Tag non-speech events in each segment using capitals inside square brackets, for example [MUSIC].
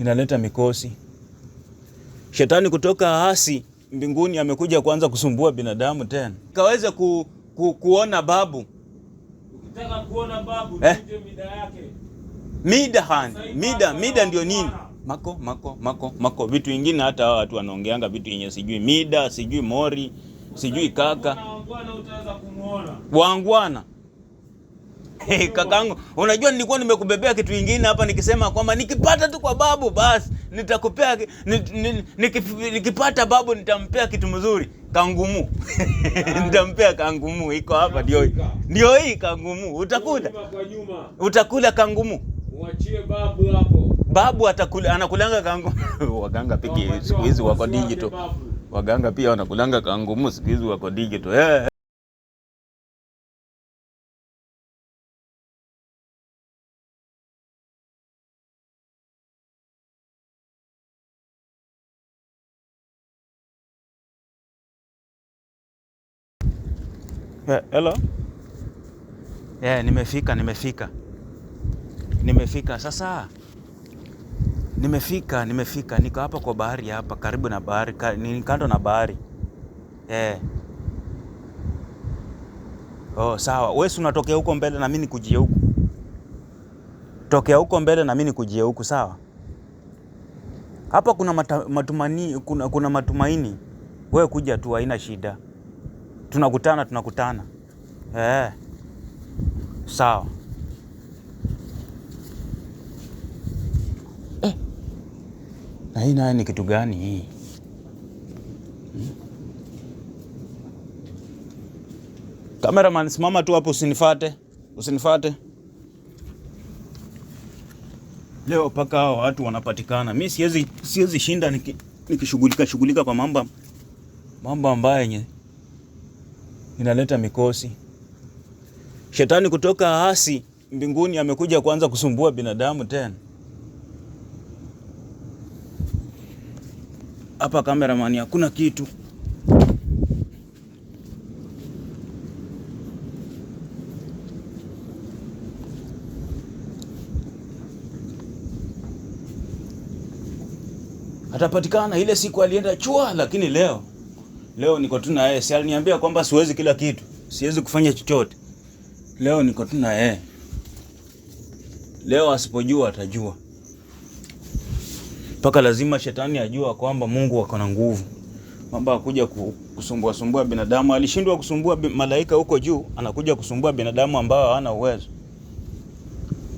inaleta mikosi. Shetani kutoka asi mbinguni amekuja kuanza kusumbua binadamu tena, kaweze ku, ku, kuona babu, ukitaka kuona babu eh, mida yake mida hani mida mida ndio nini? Mako mako mako mako, vitu vingine. Hata hao watu wanaongeanga vitu yenye sijui mida sijui mori sijui kaka, wangwana Hey, kakangu, unajua nilikuwa nimekubebea kitu kingine hapa nikisema kwamba nikipata tu kwa babu basi nitakupea nikipata babu nitampea kitu mzuri kangumu. [LAUGHS] Nitampea kangumu iko hapa ndio Ndio hii kangumu. Utakula. Utakula kangumu. Muachie babu hapo. Babu atakula anakulanga kangumu. [LAUGHS] Waganga piki siku hizi wako digital. Waganga pia wanakulanga kangumu siku hizi wako digital. Eh. Eh, hello. Yeah, nimefika nimefika nimefika sasa, nimefika nimefika, niko hapa kwa bahari hapa, karibu na bahari ka, ni kando na bahari yeah. Oh, sawa wewe unatokea huko mbele na mimi nikujie huku, tokea huko mbele na mimi nikujie huku, sawa. Hapa kuna, matumani, kuna, kuna matumaini, wewe kuja tu, haina shida tunakutana tunakutana. Eh, sawa eh. Na hii naye ni kitu gani hii hmm? Cameraman simama tu hapo, usinifate usinifate. Leo mpaka hao watu wanapatikana. Mi siwezi siwezi shinda nikishughulika shughulika kwa mambo mambo ambayo yenye inaleta mikosi. Shetani kutoka hasi mbinguni amekuja kuanza kusumbua binadamu tena. Hapa kameramani, hakuna kitu. Atapatikana ile siku alienda chua, lakini leo Leo niko tu na yeye, si aliniambia kwamba siwezi kila kitu, siwezi kufanya chochote. Leo niko tu na yeye. Leo asipojua atajua, mpaka lazima shetani ajua kwamba Mungu ako na nguvu, kwamba akuja kusumbua sumbua binadamu. Alishindwa kusumbua malaika huko juu, anakuja kusumbua binadamu ambao hawana uwezo.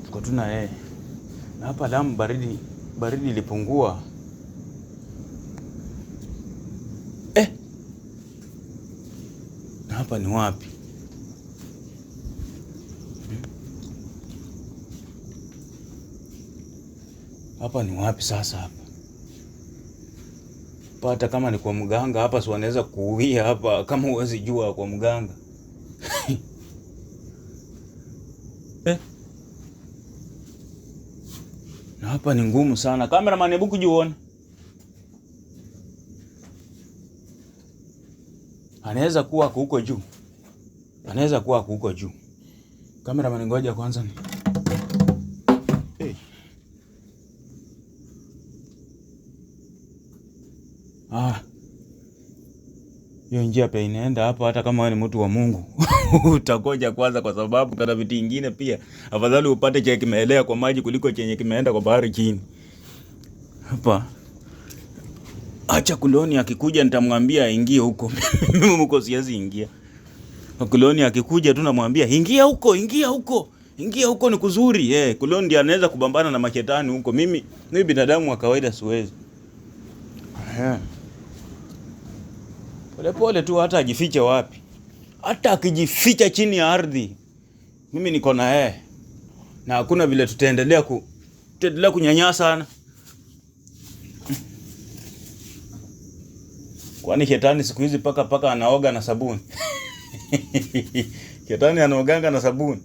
Tuko tu na yeye, na hapa damu baridi baridi ilipungua. hapa ni wapi? Hapa ni wapi sasa hapa? Pata kama ni kwa mganga hapa, si wanaweza kuuia hapa kama uwezi jua kwa mganga. [LAUGHS] Eh? Na hapa ni ngumu sana. kameramani, hebu kujiona. anaweza kuwa huko juu, anaweza kuwa huko juu. Kameraman, ngoja kwanza ni hey. Ah, hiyo njia pia inaenda hapo, hata kama wewe ni mtu wa Mungu [LAUGHS] utakoja kwanza, kwa sababu kuna vitu vingine pia afadhali upate chenye kimeelea kwa maji kuliko chenye kimeenda kwa bahari chini hapa. Acha kuloni akikuja nitamwambia aingie huko. [LAUGHS] Mimi huko siwezi ingia. Kuloni akikuja tu namwambia ingia huko, ingia huko. Ingia huko ni kuzuri. Eh, yeah, kuloni ndiye anaweza kubambana na mashetani huko. Mimi mimi binadamu wa kawaida siwezi. Pole pole tu hata ajifiche wapi. Hata akijificha chini ya ardhi. Mimi niko na yeye. Na hakuna vile tutaendelea ku tutaendelea kunyanyasa sana. Kwani shetani siku hizi paka paka anaoga na sabuni? [LAUGHS] Shetani anaoganga na sabuni.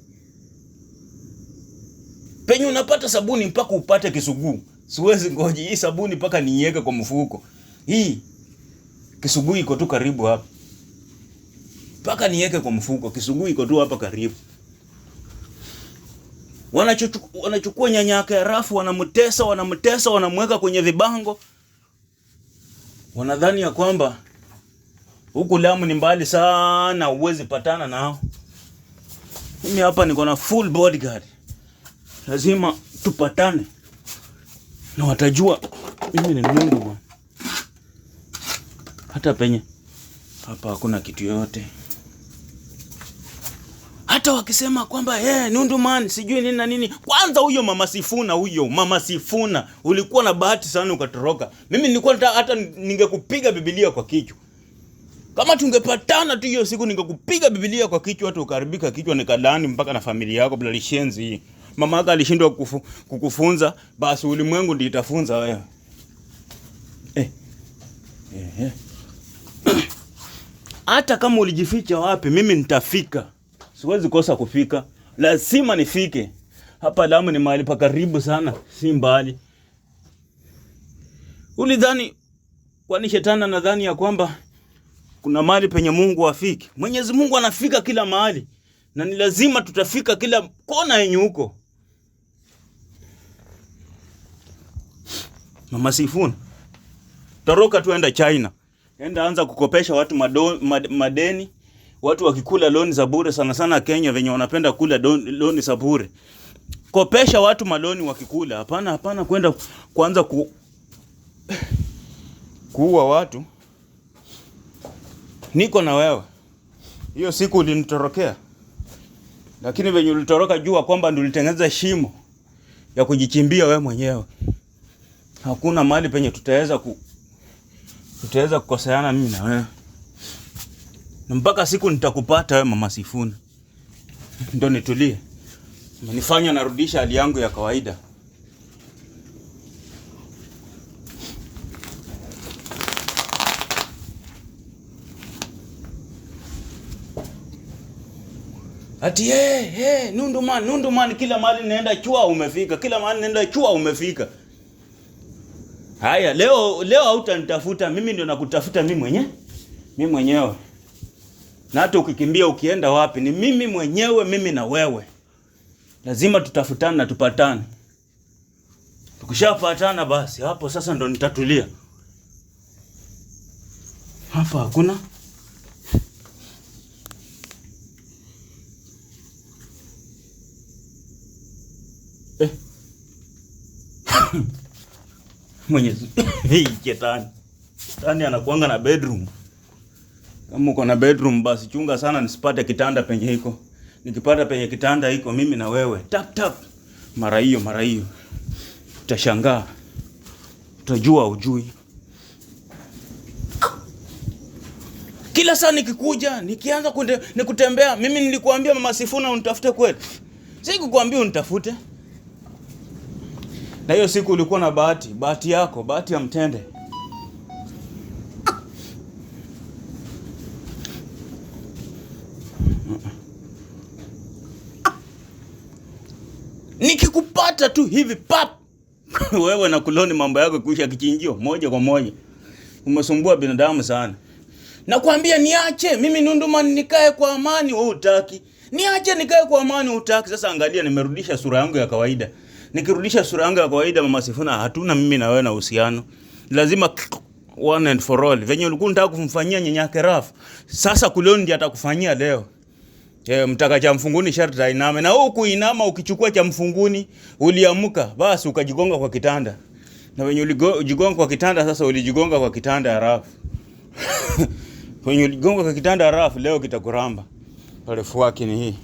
Penye unapata sabuni mpaka upate kisuguu. Siwezi ngoji hii sabuni mpaka niiweke kwa mfuko. Hii kisuguu iko tu karibu hapa. Mpaka niweke kwa mfuko, kisuguu iko tu hapa karibu. Wanachukua, wanachukua nyanya yake rafu, wanamtesa, wanamtesa, wanamweka kwenye vibango wanadhani ya kwamba huku Lamu ni mbali sana, uwezi patana nao. Mimi hapa niko na full bodyguard, lazima tupatane na watajua mimi ni Mungu bwana. Hata penye hapa hakuna kitu yoyote hata wakisema kwamba hey, eh, nundu man sijui nini na nini. Kwanza huyo mama Sifuna, huyo mama Sifuna, ulikuwa na bahati sana ukatoroka. Mimi nilikuwa hata ningekupiga Biblia kwa kichwa kama tungepatana tu hiyo siku, ningekupiga Biblia kwa kichwa hata ukaharibika kichwa, nikalaani mpaka na familia yako bila lishenzi hii. Mama yako alishindwa kufu, kukufunza, basi ulimwengu ndio itafunza wewe eh. Eh, eh. [COUGHS] Hata kama ulijificha wapi, mimi nitafika siwezi kosa kufika, lazima nifike. Hapa Lamu ni mahali pa karibu sana, si mbali. Ulidhani kwani shetani anadhani ya kwamba kuna mahali penye Mungu afiki? Mwenyezi Mungu anafika kila mahali, na ni lazima tutafika kila kona yenye huko. Mama Sifuna, toroka tuenda China, enda anza kukopesha watu madeni mad, watu wakikula loni za bure sana sana Kenya venye wanapenda kula loni za bure. Kopesha watu maloni wakikula. Hapana, hapana kwenda kuanza ku kuua watu. Niko na wewe. Hiyo siku ulinitorokea. Lakini venye ulitoroka, jua kwamba ndio ulitengeneza shimo ya kujichimbia we mwenyewe. Hakuna mahali penye tutaweza ku tutaweza kukoseana mimi na wewe mpaka siku nitakupata wewe Mama Sifuna. Ndio nitulie, umenifanya narudisha hali yangu ya kawaida. Ati hey, hey, nundu man, nundu man, kila mahali naenda chua umefika, kila mahali naenda chua umefika. Haya, leo leo hautanitafuta mimi, ndio nakutafuta mimi mwenyewe mimi mwenyewe na hata ukikimbia ukienda wapi, ni mimi mwenyewe, mimi na wewe, lazima tutafutane na tupatane. Tukishapatana basi hapo sasa ndo nitatulia. Hapa hakuna eh. [COUGHS] Mwenyezi [COUGHS] Shetani, Shetani anakuanga na bedroom. Kama uko na bedroom basi chunga sana nisipate kitanda penye iko. Nikipata penye kitanda iko mimi na wewe. Tap tap. Mara hiyo mara hiyo. Utashangaa. Utajua ujui. Kila saa nikikuja, nikianza kunde, nikutembea, mimi nilikuambia Mama Sifuna unitafute kweli. Sikukwambia unitafute. Na hiyo siku ulikuwa na bahati, bahati yako, bahati ya mtende. ukikata tu hivi pap, [LAUGHS] wewe na kuloni mambo yako kuisha kichinjio moja kwa moja. Umesumbua binadamu sana. Nakwambia niache mimi Nunduma nikae kwa amani, wewe utaki. Niache nikae kwa amani, utaki. Sasa angalia, nimerudisha sura yangu ya kawaida. Nikirudisha sura yangu ya kawaida, Mama Sifuna, hatuna mimi na wewe na uhusiano. Lazima one and for all. Venye ulikuwa unataka kumfanyia nyanyake Rafu, sasa Kuloni ndiye atakufanyia leo. E, mtaka cha mfunguni sharti ainame, na huu kuinama, ukichukua cha mfunguni uliamka, basi ukajigonga kwa kitanda, na wenye ulijigonga kwa kitanda, sasa ulijigonga kwa kitanda harafu [LAUGHS] wenye ulijigonga kwa kitanda harafu, leo kitakuramba. Urefu wake ni hii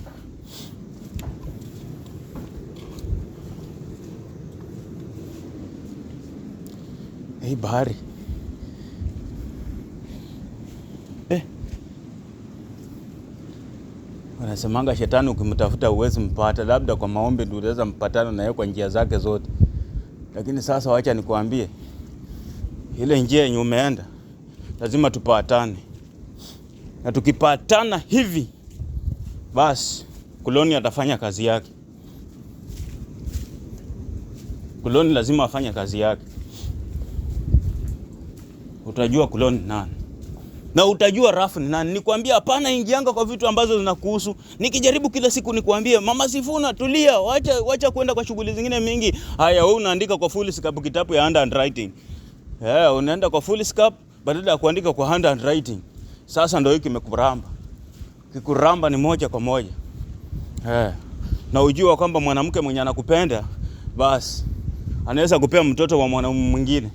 hii bahari Wanasemanga shetani ukimtafuta uwezi mpata, labda kwa maombi ndio unaweza mpatana naye kwa njia zake zote. Lakini sasa wacha nikwambie, ile njia yenye umeenda lazima tupatane, na tukipatana hivi basi kuloni atafanya kazi yake. Kuloni lazima afanye kazi yake, utajua kuloni nani na utajua Rafu ni nani. Nikwambia hapana, ingianga kwa vitu ambazo zinakuhusu. Nikijaribu kila siku nikwambie, Mama Sifuna, tulia, wacha wacha kwenda kwa shughuli zingine mingi. Haya, wewe unaandika kwa full scope kitabu ya handwriting. Eh, yeah, unaenda kwa full scope badala ya kuandika kwa handwriting. Sasa ndio hiki kimekuramba. Kikuramba ni moja kwa moja. Eh. Yeah. Na ujua kwamba mwanamke mwenye anakupenda basi anaweza kupea mtoto wa mwanamume mwingine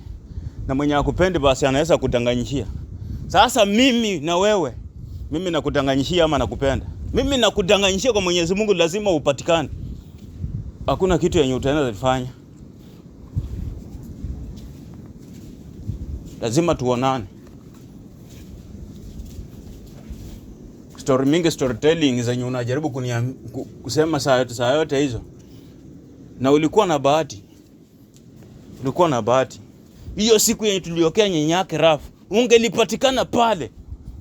na mwenye akupendi basi anaweza kudanganyishia. Sasa mimi na wewe, mimi nakudanganyishia ama nakupenda? Mimi nakudanganyishia kwa Mwenyezi Mungu lazima upatikane. Hakuna kitu yenye utaenda kufanya. Lazima tuonane. Story mingi, storytelling zenye unajaribu kusema saa yote, saa yote hizo, na ulikuwa na bahati, ulikuwa na bahati hiyo siku yenye tuliokea nyenyake rafu ungelipatikana pale.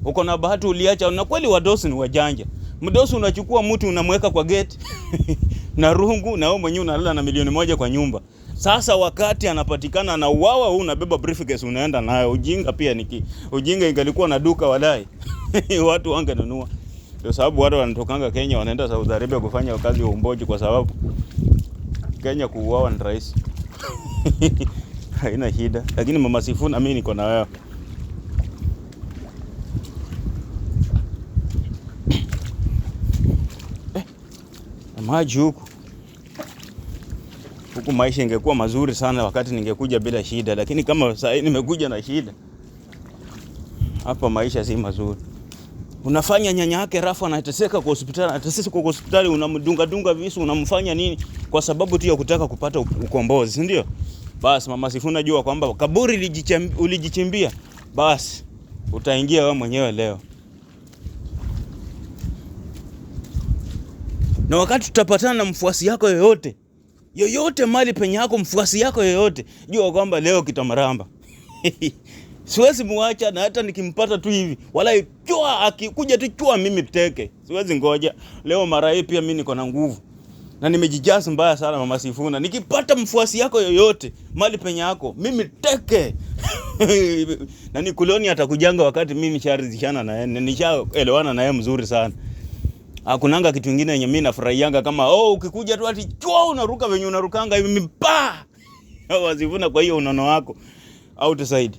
Uko na bahati uliacha, na kweli wadosi ni wajanja. Mdosi unachukua mtu unamweka kwa gate [LAUGHS] na rungu, na wewe mwenyewe unalala na milioni moja kwa nyumba. Sasa wakati anapatikana na uwawa huu, unabeba briefcase unaenda nayo. Ujinga pia niki ujinga, ingalikuwa na duka wadai [LAUGHS] watu wangenunua. kwa sababu watu wanatokanga Kenya wanaenda Saudi Arabia kufanya kazi ya umboji, kwa sababu Kenya kuuawa ni rahisi [LAUGHS] haina shida. Lakini Mama Sifuna, mimi niko na wewe. maji huku huku, maisha ingekuwa mazuri sana wakati ningekuja bila shida, lakini kama sasa nimekuja na shida, hapa maisha si mazuri. Unafanya nyanya yake Rafa anateseka kwa hospitali, anateseka kwa hospitali, unamdunga dunga visu, unamfanya nini? Kwa sababu tu ya kutaka kupata ukombozi, si ndio? Basi mama Sifuna, jua kwamba kaburi ulijichimbia, basi utaingia wewe mwenyewe leo. Na wakati tutapatana na mfuasi yako yoyote yoyote, mali penye yako mfuasi yako yoyote, jua kwamba leo kitamaramba [LAUGHS] siwezi muacha, na hata nikimpata tu hivi wala chua, akikuja tu chua, mimi teke, siwezi ngoja. Leo mara hii pia mimi niko na nguvu na nimejijaza mbaya sana, mama Sifuna. Nikipata mfuasi yako yoyote mali penye yako, mimi teke [LAUGHS] na nikuloni atakujanga wakati mimi nisharidhishana na yeye, nishaelewana na yeye mzuri sana. Hakunanga ah, kitu kingine yenye mimi nafurahianga kama oh, ukikuja tu ati chua unaruka venye unarukanga hivi mipa. [LAUGHS] Oh, Wazivuna kwa hiyo unono wako outside.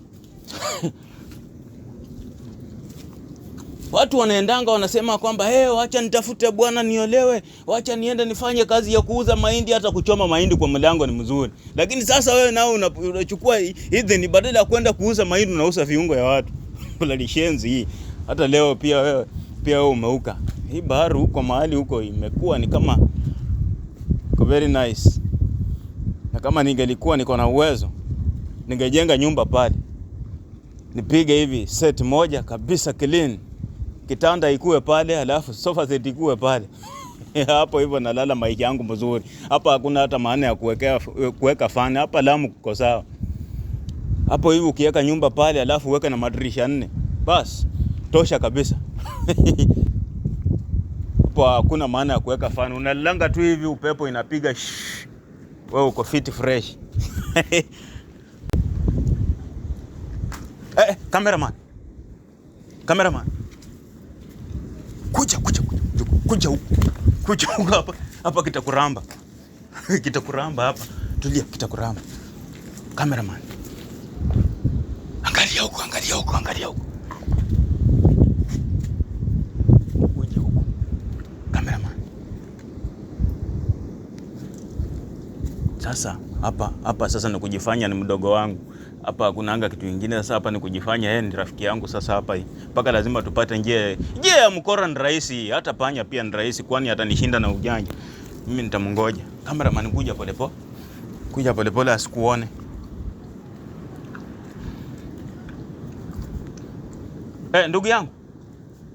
[LAUGHS] Watu wanaendanga wanasema kwamba hey, wacha nitafute bwana niolewe, wacha niende nifanye kazi ya kuuza mahindi. Hata kuchoma mahindi kwa mlango ni mzuri, lakini sasa wewe nao unachukua hizi ni badala ya kwenda kuuza mahindi unauza viungo ya watu. Ulanishenzi [LAUGHS] hii. Hata leo pia wewe pia wewe umeuka hii bahari huko mahali huko imekuwa ni kama iko very nice, na kama ningelikuwa niko na uwezo ningejenga nyumba pale, nipige hivi set moja kabisa clean, kitanda ikuwe pale, alafu sofa set ikuwe pale [LAUGHS] hapo hivyo nalala maisha yangu mzuri. Hapa hakuna hata maana ya kuwekea kuweka fani hapa. Lamu kuko sawa hapo hivi, ukiweka nyumba pale alafu uweke na madirisha nne, basi tosha kabisa [LAUGHS] upo hakuna maana ya kuweka fan, unalanga tu hivi, upepo inapiga, wewe uko fit fresh. [LAUGHS] Eh, eh, cameraman. Cameraman. Kuja kuja kuja kuja Kuja huko, hapa. Hapa kitakuramba. [LAUGHS] Kitakuramba hapa. Tulia kitakuramba. Cameraman. Angalia huko angalia huku, angalia huku. sasa hapa hapa sasa ni kujifanya ni mdogo wangu hapa, kuna anga kitu kingine. Sasa hapa ni kujifanya yeye ni rafiki yangu. Sasa hapa mpaka lazima tupate njia. Njia ya mkora ni rahisi, hata panya pia ni rahisi, kwani atanishinda na ujanja. Mimi nitamngoja cameraman, kuja polepole, kuja polepole asikuone. Eh, ndugu yangu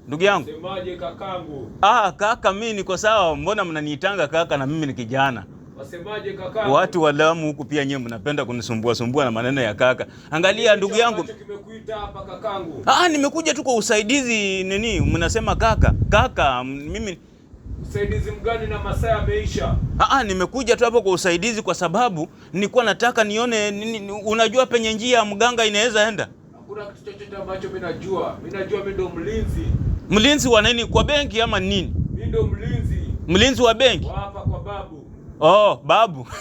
ndugu yangu, semaje kakangu? Ah, kaka, mimi niko sawa. Mbona mnaniitanga kaka na mimi ni kijana Wasemaje kaka? Watu wa Lamu huku pia nyewe mnapenda kunisumbua sumbua na maneno ya kaka. Angalia ndugu yangu. Kimekuita hapa kakangu. Ah, nimekuja tu kwa usaidizi nini? Mnasema kaka. Kaka, mimi usaidizi mgani na masaa yameisha? Ah, ah, nimekuja tu hapo kwa usaidizi kwa sababu nilikuwa nataka nione nini, unajua penye njia ya mganga inaweza enda. Hakuna kitu chochote ambacho mimi najua. Mimi najua mimi ndo mlinzi. Mlinzi wa nini? Kwa benki ama nini? Mimi ndo mlinzi. Mlinzi wa benki? hapa kwa babu. Oh, babu [LAUGHS]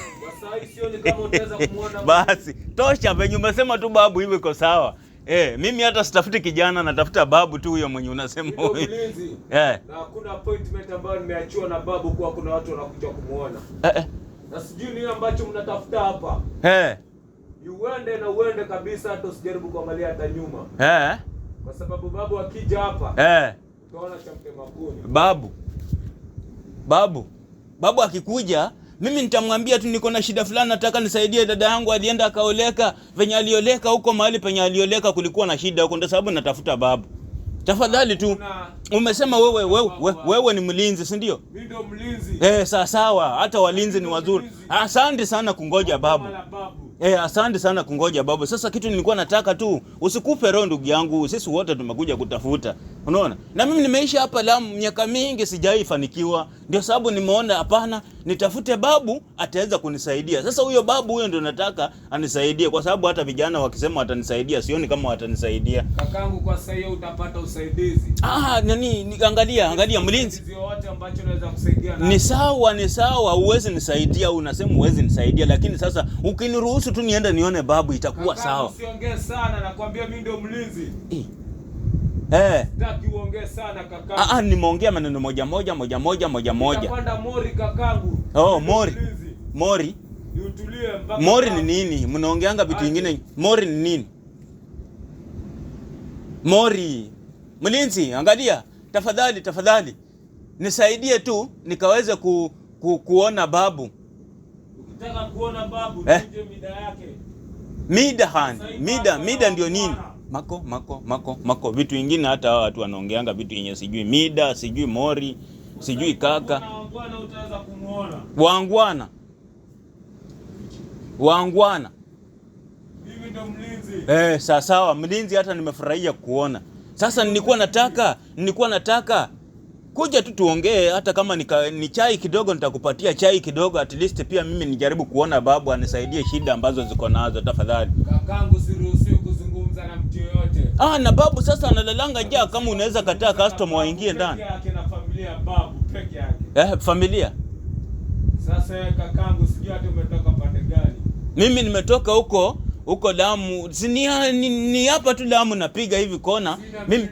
basi tosha, venye umesema tu babu hivi iko sawa. Eh, mimi hata sitafuti kijana, natafuta babu tu huyo mwenye unasema huyo. Eh. Na kuna appointment ambayo nimeachiwa na babu kwa kuna watu wanakuja kumuona. Eh eh. Na sijui nini ambacho mnatafuta hapa. Eh. Uende na uende kabisa hata usijaribu kuangalia hata nyuma. Eh. Kwa sababu babu akija hapa. Eh. Utaona chamke mtema Babu. Babu. Babu akikuja mimi nitamwambia tu niko na shida fulani, nataka nisaidie dada yangu, alienda akaoleka. Venye alioleka huko, mahali penye alioleka kulikuwa na shida huko, ndio sababu natafuta babu. Tafadhali tu umesema wewe, wewe, wewe, wewe ni mlinzi si ndio? Mimi ndio mlinzi. Eh, sawa sawa, hata walinzi ni wazuri. Asante sana kungoja babu. Eh, asante sana kungoja babu. Sasa kitu nilikuwa nataka tu usikupe roho ndugu yangu, sisi wote tumekuja kutafuta Unaona? Na mimi nimeisha hapa Lamu miaka mingi sijaifanikiwa. Ndio sababu nimeona hapana, nitafute babu ataweza kunisaidia. Sasa huyo babu huyo ndio nataka anisaidie kwa sababu hata vijana wakisema watanisaidia sioni kama watanisaidia. Kakangu, kwa sasa hiyo utapata usaidizi. Ah, nani angalia, angalia mlinzi. wote ambao unaweza kusaidia na. Ni sawa, ni sawa, huwezi nisaidia, unasema huwezi nisaidia, lakini sasa ukiniruhusu tu niende nione babu itakuwa sawa. Usiongee sana, nakwambia mimi ndio mlinzi. Eh. Eh. Sitaki uongee sana kakangu. Ah, ah, nimeongea maneno moja moja moja moja moja moja. Nitapanda mori kakangu. Oh, mori. Mori. Niutulie mpaka. Mori ni nini? Mnaongeanga vitu vingine. Mori ni nini? Mori. Mlinzi, angalia. Tafadhali, tafadhali. Nisaidie tu nikaweze ku, ku, kuona babu. Ukitaka kuona babu, eh, mida yake. Mida hani. Mida, mida ndio nini? mako mako mako mako vitu vingine. Hata hao watu wanaongeanga vitu yenye sijui mida sijui mori sijui kaka wangwana wangwana eh, sawa, mlinzi. Hata nimefurahia kuona sasa. Nilikuwa nataka nilikuwa nataka kuja tu tuongee, hata kama nika, ni chai kidogo, nitakupatia chai kidogo, at least pia mimi nijaribu kuona babu anisaidie shida ambazo ziko nazo, tafadhali kakangu, siruhusi Ah, na babu sasa analalanga njaa, kama unaweza kataa customer waingie ndani Yake yake. na familia babu peke eh, familia. Sasa kakangu, sijui hata umetoka pande gani? Mimi nimetoka huko huko Lamu, ni hapa tu Lamu napiga hivi kona mimi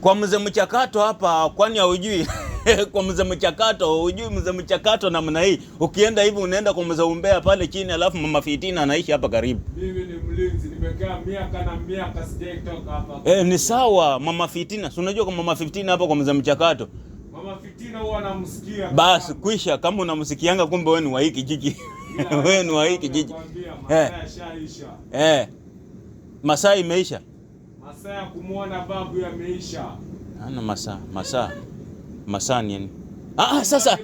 kwa mzee mchakato hapa, kwani haujui? [LAUGHS] [LAUGHS] kwa mzee mchakato, hujui mzee mchakato namna hii. Ukienda hivi unaenda kwa mzee umbea pale chini, alafu mama fitina anaishi hapa karibu. Mimi ni mlinzi, nimekaa miaka na miaka sijaitoka hapa. Eh, ni sawa mama fitina. Si unajua kwa mama fitina hapa kwa mzee mchakato. Mama fitina huwa anamsikia. Basi kwisha, kama unamsikianga kumbe wewe ni wa hiki jiji. [LAUGHS] Wewe ni wa hiki jiji. Eh. Eh. Masaa imeisha. Masaa ya kumuona babu yameisha. Ana masaa, masaa. Masani yani. Ah, ah sasa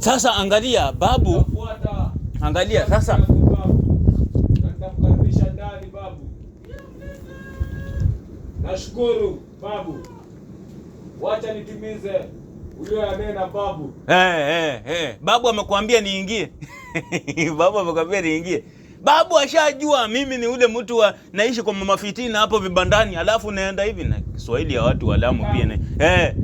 sasa angalia babu, angalia sasa Nashukuru babu, wacha nitimize ulioyanena babu. Hey, eh, eh, hey, eh. hey. Babu amekuambia niingie [LAUGHS] babu amekuambia niingie. Babu ashajua mimi ni ule mtu wa naishi kwa mama fitina hapo vibandani, alafu naenda hivi na Kiswahili ya watu wa Lamu pia na eh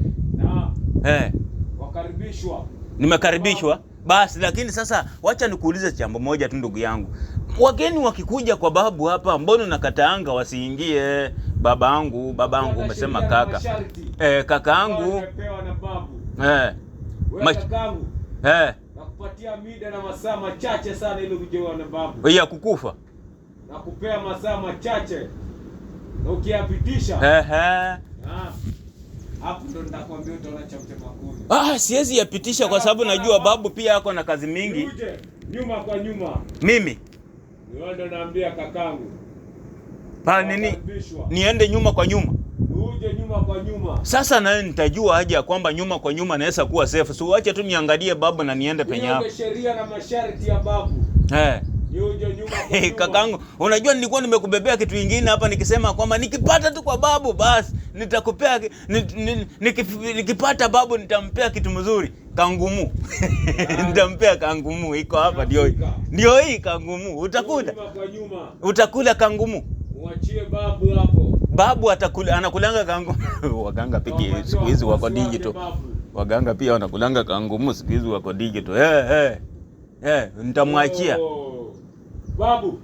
eh, wakaribishwa, nimekaribishwa basi. Lakini sasa wacha nikuulize jambo moja tu ndugu yangu, wageni wakikuja kwa babu hapa, mbona nakataanga wasiingie? Babangu, babangu umesema kaka eh, kakaangu eh, kupatia mida na masaa machache sana ili kujeua na babu ya kukufa na kupea masaa machache na ukiyapitisha ehe, ah. hapo ndo nitakwambia utaona cha mtema Ah, siwezi yapitisha kwa sababu najua babu pia yako na kazi mingi. Uje, nyuma kwa nyuma mimi wewe ndo naambia kakangu pa nini niende nyuma kwa nyuma nyuma kwa nyuma. Sasa naye nitajua aje ya kwamba nyuma kwa nyuma naweza kuwa safe. So acha tu niangalie babu na niende penye hapo. Sheria na masharti ya babu. Eh. Hey, kakangu, unajua nilikuwa nimekubebea kitu kingine hapa nikisema kwamba nikipata tu kwa babu basi nitakupea nikipata babu nitampea kitu mzuri kangumu ah. [LAUGHS] nitampea kangumu iko hapa ndio ndio hii kangumu utakula utakula kangumu Mwachie babu hapo. Babu atakula anakulanga kangu. [LAUGHS] Waganga piki siku hizi wako digital. Waganga pia wanakulanga kangumu siku hizi wako digital. Eh hey, eh. Hey. Eh, nitamwachia. Oh. Babu.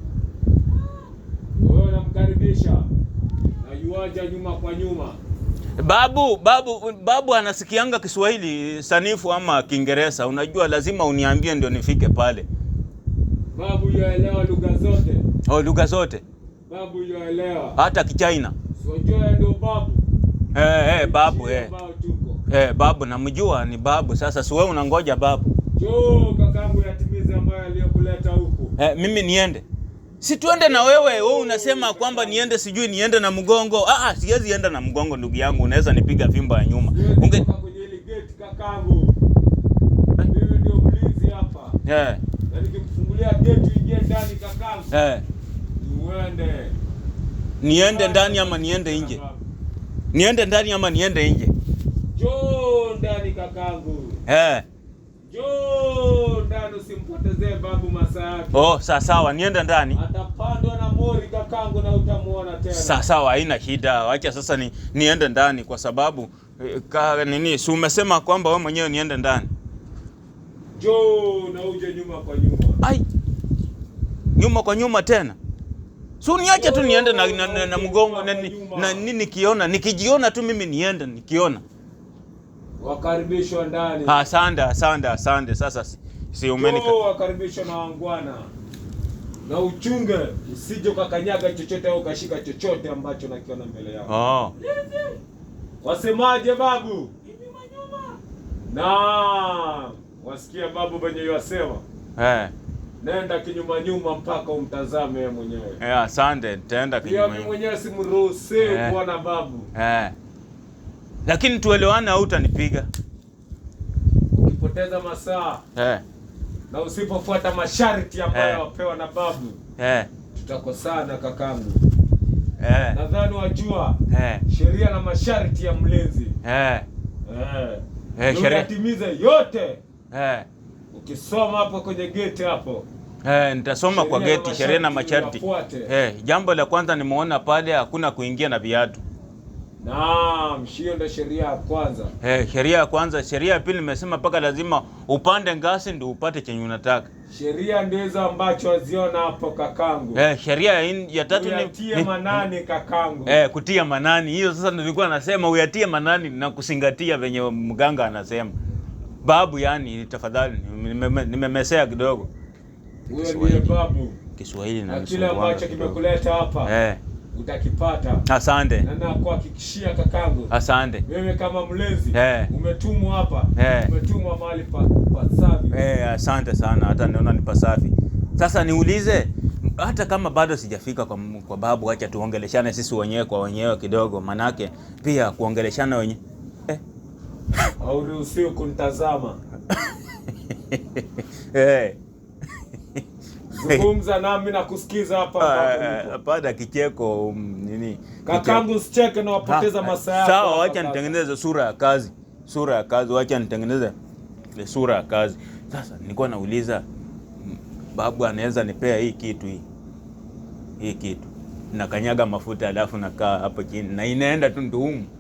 Wewe unamkaribisha. Najuaja nyuma kwa nyuma. Babu, babu, babu anasikianga Kiswahili sanifu ama Kiingereza. Unajua lazima uniambie ndio nifike pale. Babu yaelewa lugha zote. Oh, lugha zote babu yuelewa. Hata Kichina babu. Eh, eh, babu eh. Eh, babu namjua ni babu. Sasa si wewe unangoja babu. Njoo kakangu, yatimize ambayo aliyokuleta huko. Eh, mimi niende si tuende na wewe. Wewe unasema kwamba niende, sijui niende na mgongo. Ah, ah, siwezi enda na mgongo ndugu yangu, unaweza nipiga fimbo ya nyuma. Unge kwenye ile gate kakangu. Mimi ndio mlinzi hapa. Eh. Nikifungulia yaani, gate uingie ndani kakangu. Eh niende ndani ama niende nje? Niende ndani ama niende nje? Njoo ndani kakangu. Eh. Njoo ndani usimpotezee babu masaa Oh, sawa sawa, niende ndani. Atapandwa na mori kakangu na utamuona tena. Sawa sawa, haina shida. Wacha sasa ni, niende ndani kwa sababu eh, ka, nini si umesema kwamba wewe mwenyewe niende ndani. Njoo na uje nyuma kwa nyuma. Ai. Nyuma kwa nyuma tena. So niache tu niende na, na, na, na mgongo na, na, nini nikiona nikijiona tu mimi niende nikiona. Wakaribishwa ndani. Asante, asante, asante. Sasa si umenika. Wakaribishwa na wangwana. Na uchunge usije ukakanyaga chochote au ukashika chochote ambacho nakiona mbele yako. Oh. Wasemaje babu? Na wasikia babu wenye yasema. Eh. Hey. Nenda kinyuma nyuma mpaka umtazame yeye mwenyewe. Eh, asante, nitaenda kinyuma. Mimi mwenyewe simruhusi yeah. Bwana babu. Eh. Yeah. Lakini tuelewane au utanipiga. Ukipoteza masaa. Eh. Yeah. Na usipofuata masharti ambayo yeah. wapewa na babu. Eh. Yeah. Tutakosana kakangu. Eh. Yeah. Nadhani wajua. Eh. Yeah. Sheria na masharti ya mlezi. Eh. Yeah. Eh. Yeah. sheria. Yote. Eh. Yeah. Ukisoma hapo kwenye geti hapo Eh, nitasoma kwa geti sheria na masharti. Eh, jambo la kwanza nimeona pale hakuna kuingia na viatu. Naam, hiyo ndio sheria ya kwanza. Eh, sheria ya kwanza, sheria ya pili nimesema mpaka lazima upande ngasi ndio upate chenye unataka. Sheria ndizo ambacho waziona hapo kakangu. Eh, sheria ya tatu ni kutia manani kakangu. Eh, kutia manani. Hiyo sasa nilikuwa nasema uyatie manani na kusingatia venye mganga anasema. Babu yani, tafadhali nimemesea kidogo. Kiswahili na kila ambacho kimekuleta hapa eh, utakipata. Asante na nakuhakikishia kakangu, asante wewe kama mlezi eh, umetumwa hapa eh, umetumwa mahali pa pasafi eh, asante sana, hata naona ni pasafi. Sasa niulize hata kama bado sijafika kwa, kwa babu, acha tuongeleshane sisi wenyewe kwa wenyewe kidogo, manake pia kuongeleshana wenyewe eh. Hauruhusiwi kunitazama [LAUGHS] eh zungumza nami na kusikiza hapa. Ah, Baada ah, ya kicheko um, nini, kakangu, sicheke na wapoteza ah, masaa yako. Sawa, wacha nitengeneze sura ya kazi, sura ya kazi, wacha nitengeneze sura ya kazi. Sasa nilikuwa nauliza babu, anaweza nipea hii kitu hii hii kitu, nakanyaga mafuta alafu nakaa hapo chini na inaenda tu ndumu